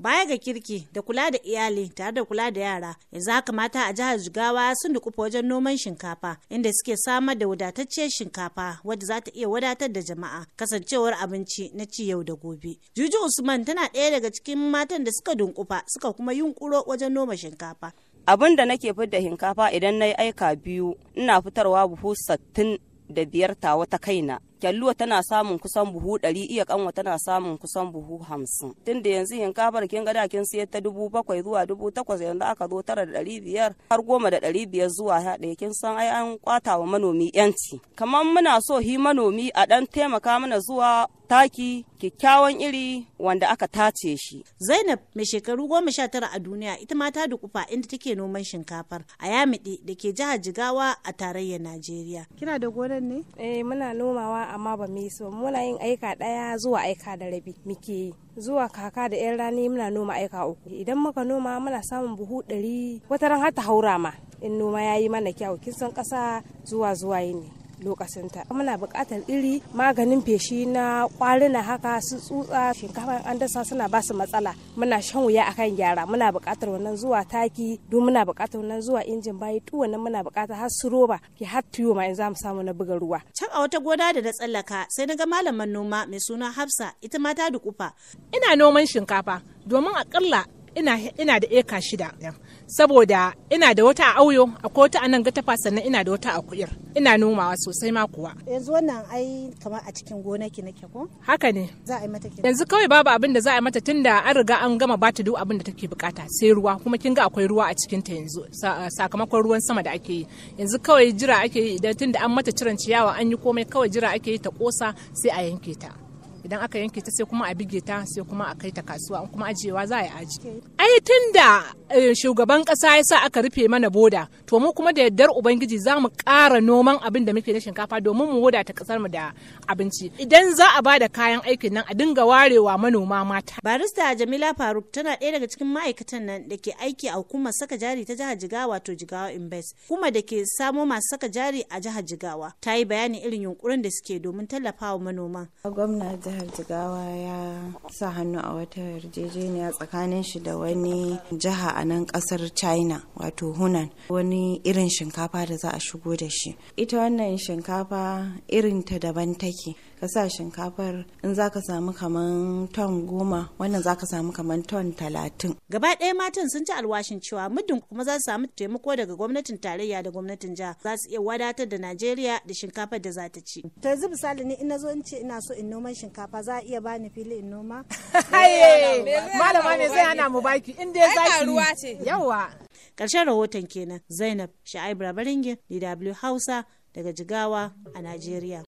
baya ga kirki da kula da iyali tare da kula da yara yanzu haka mata a jihar jigawa sun dukufa wajen noman shinkafa inda suke samar da wadatacciyar shinkafa wadda za ta iya wadatar da jama'a kasancewar abinci na ci yau da gobe juju usman tana ɗaya daga cikin matan da suka dunkufa suka kuma yunkuro wajen noma shinkafa abin da nake fidda shinkafa idan na yi aika biyu ina fitarwa buhu sattin da biyar tawa ta kaina kyalluwa tana samun kusan buhu ɗari iya kanwa tana samun kusan buhu hamsin tunda yanzu kabar kin gada kin siyar ta dubu bakwai zuwa dubu takwas yanzu aka zo tara da ɗari biyar har goma da ɗari biyar zuwa ha ɗaya kin san ai an kwata wa manomi yanci kamar muna so hi manomi a ɗan taimaka mana zuwa taki kyakkyawan iri wanda aka tace shi. Zainab mai shekaru goma sha tara a duniya ita ma ta dukufa inda take noman shinkafar a yamide da ke jihar Jigawa a tarayyar Najeriya. Kina da gonan ne? Eh muna nomawa amma ba mu so muna yin aika ɗaya zuwa aika da rabi muke yi. Zuwa kaka da yan rani muna noma aika uku. Idan muka noma muna samun buhu ɗari wataran har ta haura ma in noma ya yi mana kyau kin san ƙasa zuwa zuwa yi ne. lokacinta muna buƙatar iri maganin feshi na ƙwarina haka su tsutsa shinkafa an dasa suna ba su matsala muna shan wuya akan gyara muna buƙatar wannan zuwa taki duk muna buƙatar wannan zuwa injin bayi duk muna buƙatar har su roba ki har tuyo ma in za mu samu na buga ruwa can a wata gona da na tsallaka sai na ga malaman noma mai suna Hafsa ita ma ta dukufa ina noman shinkafa domin akalla ina da eka shida saboda ina da wata a auyo akwai wata a nan gatafa sannan ina da wata a kuɗir ina nomawa sosai ma kuwa yanzu wannan ai kamar a cikin gonaki nake ko haka ne za a yi mata yanzu kawai babu abin da za a yi mata tunda an riga an gama ba ta duk abin da take bukata sai ruwa kuma kin ga akwai ruwa a cikin ta yanzu sakamakon ruwan sama da ake yi yanzu kawai jira ake yi idan tunda an mata ciran ciyawa an yi komai kawai jira ake yi ta kosa sai a yanke ta idan aka yanke ta sai kuma a bige ta sai kuma a kai ta kasuwa in kuma ajiyewa za a yi aji ai tun da eh, shugaban ƙasa ya sa aka rufe mana boda to mu kuma da yardar ubangiji za mu ƙara noman abin da muke na shinkafa domin mu ta kasar mu da abinci idan za a ba kayan aikin nan a dinga warewa manoma mata barista jamila faruk tana ɗaya daga cikin ma'aikatan nan da ke aiki a hukumar saka jari ta jihar jigawa wato jigawa invest kuma da ke samo masu saka jari a jihar jigawa ta yi bayani irin yunkurin da suke domin tallafawa manoma gwamna go. I uh. sa hannu a wata yarjejeniya tsakanin shi da wani jiha a nan kasar china wato hunan wani irin shinkafa da za a shigo da shi ita wannan shinkafa irin ta daban take ka sa shinkafar in za ka samu kaman ton goma wannan za ka samu kamar ton talatin gaba ɗaya matan sun ci alwashin cewa muddin kuma za su samu taimako daga gwamnatin tarayya da gwamnatin jiha za su iya wadatar da najeriya da shinkafar da za ta ci ta yanzu misali ne in na zo in ce ina so in noman shinkafa za a iya bani fili in noma Malama ne zai hana mu baki in dai zaki. ruwa ce. Yawa. Karshen rahoton kenan Zainab Sha'ib Rabaringin DW Hausa daga Jigawa a Najeriya.